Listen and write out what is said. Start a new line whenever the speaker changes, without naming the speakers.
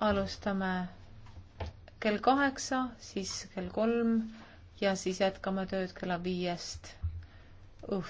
alustame kell kaheksa, siis kell kolm ja siis jätkame tööd kella viiest